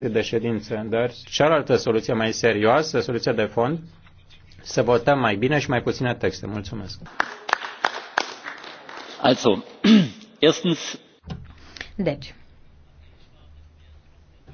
de ședință, dar cealaltă soluție mai serioasă, soluția de fond, să votăm mai bine și mai puține texte. Mulțumesc. Also, erstens... Deci,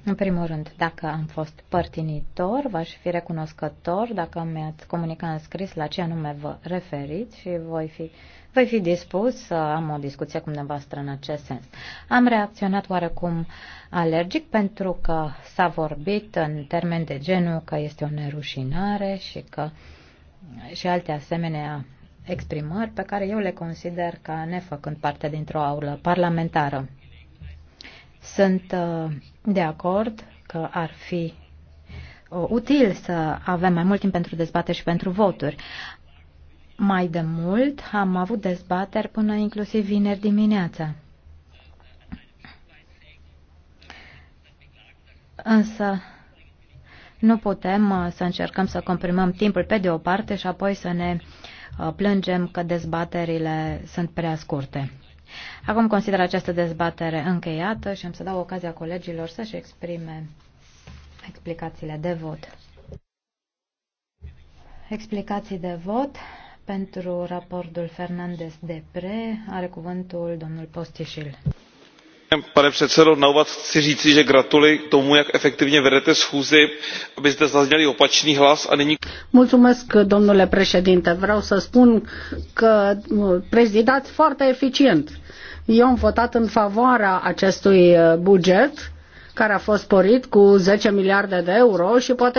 în primul rând, dacă am fost părtinitor, v-aș fi recunoscător dacă mi-ați comunicat în scris la ce anume vă referiți și voi fi, voi fi dispus să am o discuție cu dumneavoastră în acest sens. Am reacționat oarecum alergic pentru că s-a vorbit în termen de genul că este o nerușinare și că și alte asemenea exprimări pe care eu le consider ca nefăcând parte dintr-o aulă parlamentară. Sunt uh, de acord că ar fi uh, util să avem mai mult timp pentru dezbateri și pentru voturi. Mai de mult am avut dezbateri până inclusiv vineri dimineața. Însă nu putem uh, să încercăm să comprimăm timpul pe de o parte și apoi să ne plângem că dezbaterile sunt prea scurte. Acum consider această dezbatere încheiată și am să dau ocazia colegilor să-și exprime explicațiile de vot. Explicații de vot pentru raportul Fernandez de Pre are cuvântul domnul Postișil pane předsedající na úvod chci říci že gratuluji k tomu jak efektivně vedete schůzi aby zde zazněl i opačný hlas. domnule președinte vreau să spun că uh, prezidați foarte eficient. eu am votat în favoarea acestui uh, buget care a fost sporit cu zece miliarde de euro și poate